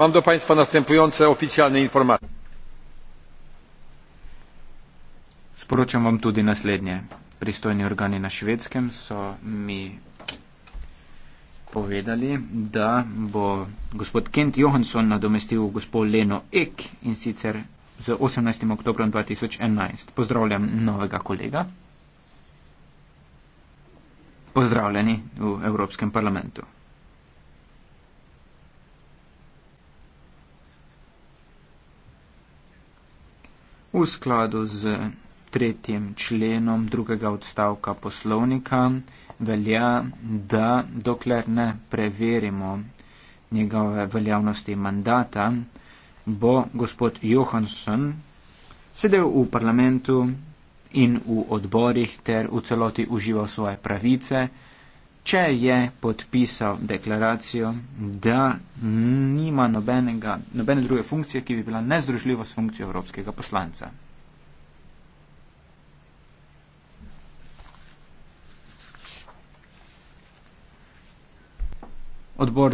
Mam do Państwa następujące oficjalne informacje. Sporočam vam tudi naslednje. Pristojni organi na Švedskem so mi povedali, da bo gospod Kent Johansson nadomestil gospod Leno Ek in sicer z 18. oktobrom 2011. Pozdravljam novega kolega. Pozdravljeni v Evropskem parlamentu. v skladu z tretjim členom drugega odstavka poslovnika velja, da dokler ne preverimo njegove veljavnosti mandata, bo gospod Johansson sedel v parlamentu in v odborih ter v celoti užival svoje pravice, če je podpisal deklaracijo, da nima nobenega, nobene druge funkcije, ki bi bila nezdružljiva s funkcijo evropskega poslanca. Odbor